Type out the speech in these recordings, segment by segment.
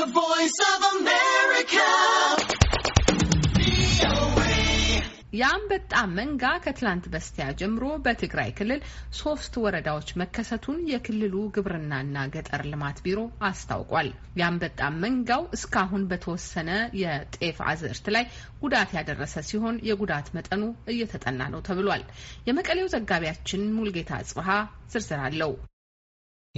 The Voice of America. የአንበጣ መንጋ ከትላንት በስቲያ ጀምሮ በትግራይ ክልል ሶስት ወረዳዎች መከሰቱን የክልሉ ግብርናና ገጠር ልማት ቢሮ አስታውቋል። የአንበጣ መንጋው እስካሁን በተወሰነ የጤፍ አዝዕርት ላይ ጉዳት ያደረሰ ሲሆን የጉዳት መጠኑ እየተጠና ነው ተብሏል። የመቀሌው ዘጋቢያችን ሙልጌታ ጽብሃ ዝርዝር አለው።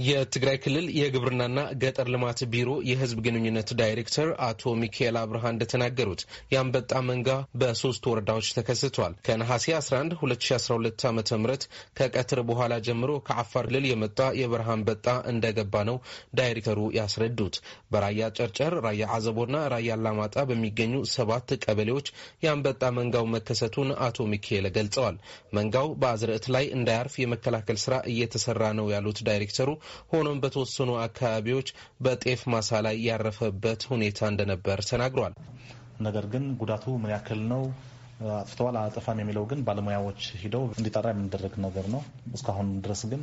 የትግራይ ክልል የግብርናና ገጠር ልማት ቢሮ የህዝብ ግንኙነት ዳይሬክተር አቶ ሚካኤል አብርሃ እንደተናገሩት የአንበጣ መንጋ በሶስት ወረዳዎች ተከስቷል። ከነሐሴ 11 2012 ዓ ም ከቀትር በኋላ ጀምሮ ከአፋር ክልል የመጣ የበረሃ አንበጣ እንደገባ ነው ዳይሬክተሩ ያስረዱት። በራያ ጨርጨር፣ ራያ አዘቦና ራያ አላማጣ በሚገኙ ሰባት ቀበሌዎች የአንበጣ መንጋው መከሰቱን አቶ ሚካኤል ገልጸዋል። መንጋው በአዝርዕት ላይ እንዳያርፍ የመከላከል ስራ እየተሰራ ነው ያሉት ዳይሬክተሩ ሆኖም በተወሰኑ አካባቢዎች በጤፍ ማሳ ላይ ያረፈበት ሁኔታ እንደነበር ተናግሯል። ነገር ግን ጉዳቱ ምን ያክል ነው? አጥፍተዋል አጠፋም የሚለው ግን ባለሙያዎች ሂደው እንዲጠራ የምንደረግ ነገር ነው። እስካሁን ድረስ ግን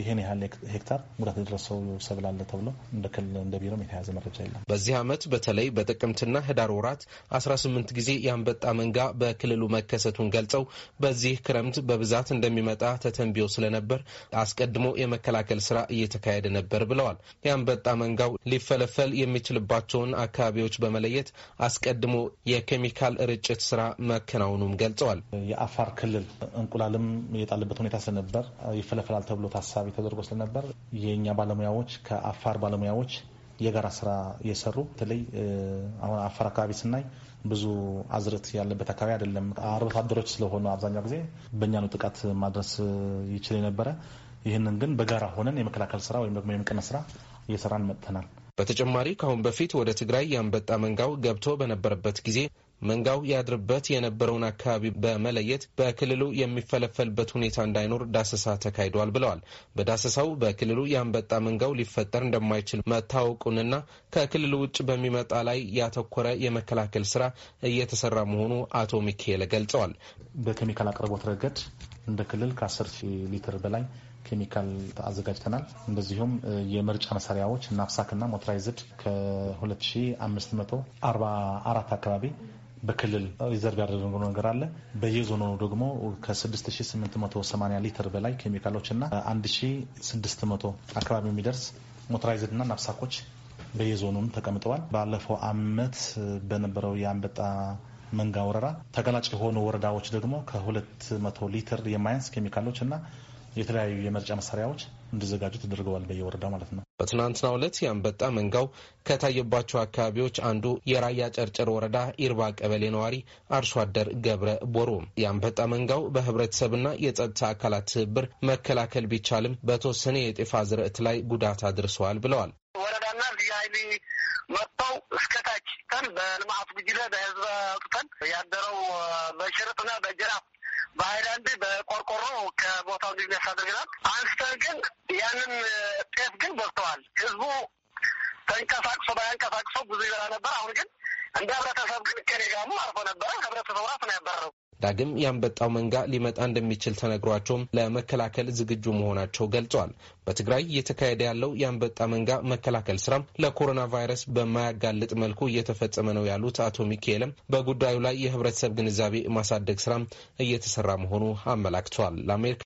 ይህን ያህል ሄክታር ጉዳት የደረሰው ሰብል አለ ተብሎ እንደ ክልል እንደ ቢሮም የተያዘ መረጃ የለም። በዚህ ዓመት በተለይ በጥቅምትና ህዳር ወራት 18 ጊዜ የአንበጣ መንጋ በክልሉ መከሰቱን ገልጸው በዚህ ክረምት በብዛት እንደሚመጣ ተተንብዮ ስለነበር አስቀድሞ የመከላከል ስራ እየተካሄደ ነበር ብለዋል። የአንበጣ መንጋው ሊፈለፈል የሚችልባቸውን አካባቢዎች በመለየት አስቀድሞ የኬሚካል ርጭት ስራ መ ማከናወኑም ገልጸዋል። የአፋር ክልል እንቁላልም የጣለበት ሁኔታ ስለነበር ይፈለፈላል ተብሎ ታሳቢ ተደርጎ ስለነበር የእኛ ባለሙያዎች ከአፋር ባለሙያዎች የጋራ ስራ እየሰሩ በተለይ አሁን አፋር አካባቢ ስናይ ብዙ አዝርት ያለበት አካባቢ አይደለም። አርብቶ አደሮች ስለሆኑ አብዛኛው ጊዜ በእኛ ነው ጥቃት ማድረስ ይችል የነበረ። ይህንን ግን በጋራ ሆነን የመከላከል ስራ ወይም ደግሞ የመቀነስ ስራ እየሰራን መጥተናል። በተጨማሪ ከአሁን በፊት ወደ ትግራይ የአንበጣ መንጋው ገብቶ በነበረበት ጊዜ መንጋው ያድርበት የነበረውን አካባቢ በመለየት በክልሉ የሚፈለፈልበት ሁኔታ እንዳይኖር ዳሰሳ ተካሂዷል ብለዋል። በዳሰሳው በክልሉ የአንበጣ መንጋው ሊፈጠር እንደማይችል መታወቁንና ከክልሉ ውጭ በሚመጣ ላይ ያተኮረ የመከላከል ስራ እየተሰራ መሆኑ አቶ ሚካኤል ገልጸዋል። በኬሚካል አቅርቦት ረገድ እንደ ክልል ከ10 ሊትር በላይ ኬሚካል አዘጋጅተናል። እንደዚሁም የመርጫ መሳሪያዎች ናፍሳክና ሞተራይዝድ ከ2544 አካባቢ በክልል ሪዘርቭ ያደረገው ነገር አለ። በየዞኑ ደግሞ ከ6880 ሊትር በላይ ኬሚካሎች ኬሚካሎችና 1600 አካባቢ የሚደርስ ሞተራይዝድ እና ናፍሳኮች በየዞኑም ተቀምጠዋል። ባለፈው አመት በነበረው የአንበጣ መንጋ ወረራ ተጋላጭ የሆኑ ወረዳዎች ደግሞ ከ200 ሊትር የማያንስ ኬሚካሎች እና የተለያዩ የመርጫ መሳሪያዎች እንዲዘጋጁ ተደርገዋል። በየወረዳ ማለት ነው። በትናንትና ዕለት የአንበጣ መንጋው ከታየባቸው አካባቢዎች አንዱ የራያ ጨርጨር ወረዳ ኢርባ ቀበሌ ነዋሪ አርሶ አደር ገብረ ቦሮ የአንበጣ መንጋው በህብረተሰብና የጸጥታ አካላት ትብብር መከላከል ቢቻልም በተወሰነ የጤፍ አዝርዕት ላይ ጉዳት አድርሰዋል ብለዋል። ወረዳና ልዩ ኃይል መጥተው ተን በልማት ጉጅለ በህዝብ አውጥተን ያደረው በሽርጥና በጅራፍ በሀይላንድ በቆርቆሮ ከቦታው እንዲ ያሳደርግናል። አንስተን ግን ያንን ጤፍ ግን በልተዋል። ህዝቡ ተንቀሳቅሶ ባያንቀሳቅሶ ብዙ ይበላ ነበር። አሁን ግን እንደ ህብረተሰብ ግን ከኔ ጋሙ አርፎ ነበረ። ህብረተሰቡ ራሱ ነው ያበረረው። ዳግም የአንበጣው መንጋ ሊመጣ እንደሚችል ተነግሯቸውም ለመከላከል ዝግጁ መሆናቸው ገልጸዋል። በትግራይ እየተካሄደ ያለው የአንበጣ መንጋ መከላከል ስራም ለኮሮና ቫይረስ በማያጋልጥ መልኩ እየተፈጸመ ነው ያሉት አቶ ሚካኤልም በጉዳዩ ላይ የህብረተሰብ ግንዛቤ ማሳደግ ስራም እየተሰራ መሆኑ አመላክተዋል። ለአሜሪካ